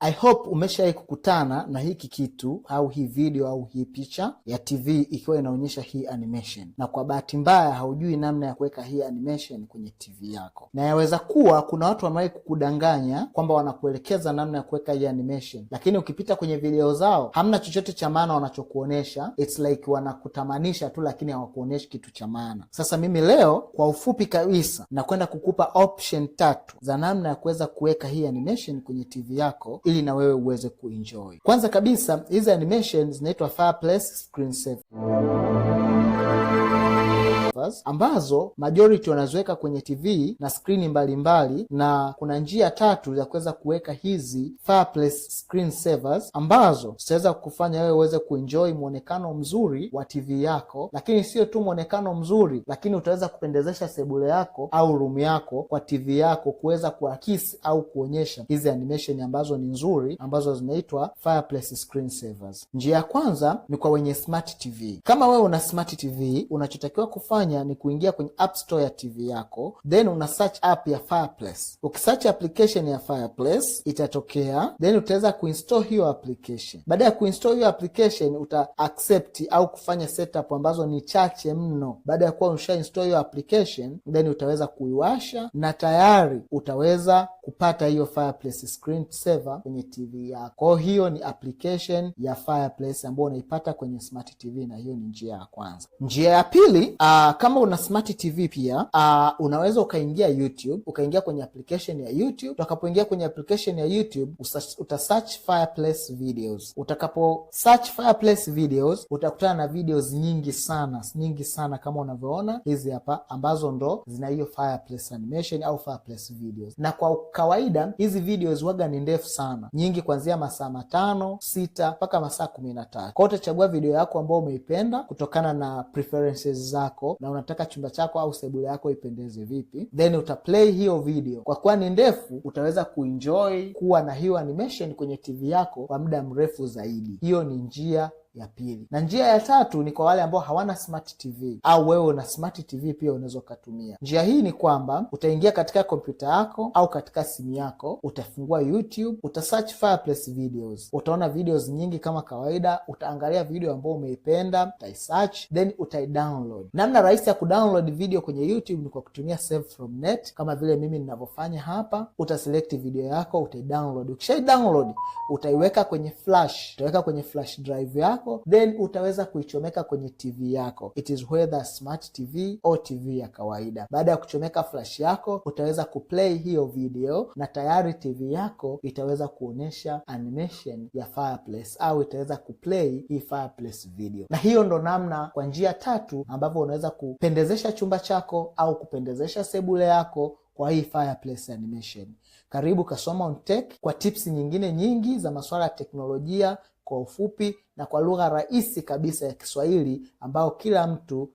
I hope umeshawahi kukutana na hiki kitu au hii video au hii picha ya TV ikiwa inaonyesha hii animation, na kwa bahati mbaya haujui namna ya kuweka hii animation kwenye TV yako, na yaweza kuwa kuna watu wamewahi kukudanganya kwamba wanakuelekeza namna ya kuweka hii animation, lakini ukipita kwenye video zao hamna chochote cha maana wanachokuonyesha. It's like wanakutamanisha tu, lakini hawakuonyeshi kitu cha maana. Sasa mimi leo kwa ufupi kabisa nakwenda kukupa option tatu za namna ya kuweza kuweka hii animation kwenye TV yako ili na wewe uweze kuenjoy. Kwanza kabisa hizi animation zinaitwa fireplace screensaver offers ambazo majority wanaziweka kwenye TV na skrini mbalimbali, na kuna njia tatu za kuweza kuweka hizi fireplace screen savers ambazo zitaweza kufanya wewe uweze kuenjoy mwonekano mzuri wa TV yako, lakini sio tu mwonekano mzuri, lakini utaweza kupendezesha sebule yako au rumu yako kwa TV yako kuweza kuakisi au kuonyesha hizi animation ambazo ni nzuri, ambazo zinaitwa fireplace screen savers. Njia ya kwanza ni kwa wenye smart TV. Kama wewe una smart TV, unachotakiwa kufanya kufanya ni kuingia kwenye app store ya TV yako, then una search app ya Fireplace. Ukisearch application ya Fireplace itatokea, then utaweza kuinstall hiyo application. Baada ya kuinstall hiyo application, uta accept au kufanya setup ambazo ni chache mno. Baada ya kuwa usha install hiyo application, then utaweza kuiwasha na tayari utaweza kupata hiyo Fireplace screensaver kwenye TV yako. kwao hiyo ni application ya Fireplace ambayo unaipata kwenye smart TV, na hiyo ni njia ya kwanza. Njia ya pili uh, kama una smart TV pia uh, unaweza ukaingia YouTube, ukaingia kwenye application ya YouTube. Utakapoingia kwenye application ya YouTube uta search Fireplace videos. Utakapo search Fireplace videos utakutana na videos nyingi sana nyingi sana kama unavyoona hizi hapa, ambazo ndo zina hiyo Fireplace animation au Fireplace videos, na kwa kawaida hizi videos waga ni ndefu sana, nyingi kuanzia masaa matano sita mpaka masaa kumi na tatu. Kwa utachagua video yako ambayo umeipenda kutokana na preferences zako na unataka chumba chako au sebule yako ipendeze vipi, then utaplay hiyo video. Kwa kuwa ni ndefu, utaweza kuenjoy kuwa na hiyo animation kwenye TV yako kwa muda mrefu zaidi. Hiyo ni njia ya pili, na njia ya tatu ni kwa wale ambao hawana smart TV au wewe una smart TV pia unaweza ukatumia njia hii. Ni kwamba utaingia katika kompyuta yako au katika simu yako, utafungua YouTube, uta search Fireplace videos, utaona videos nyingi kama kawaida. Utaangalia video ambayo umeipenda, utaisearch then utaidownload. Namna rahisi ya kudownload video kwenye YouTube ni kwa kutumia save from net, kama vile mimi ninavyofanya hapa. Utaselect video yako, utaidownload. Ukishai download, utaiweka kwenye flash, utaweka kwenye flash drive yako yako, then utaweza kuichomeka kwenye tv yako, it is whether smart tv or tv ya kawaida. Baada ya kuchomeka flash yako, utaweza kuplay hiyo video na tayari tv yako itaweza kuonyesha animation ya fireplace au itaweza kuplay hii fireplace video. Na hiyo ndo namna, kwa njia tatu ambavyo unaweza kupendezesha chumba chako au kupendezesha sebule yako kwa hii Fireplace Animation. Karibu Kasoma on Tech kwa tips nyingine nyingi za masuala ya teknolojia kwa ufupi na kwa lugha rahisi kabisa ya Kiswahili ambayo kila mtu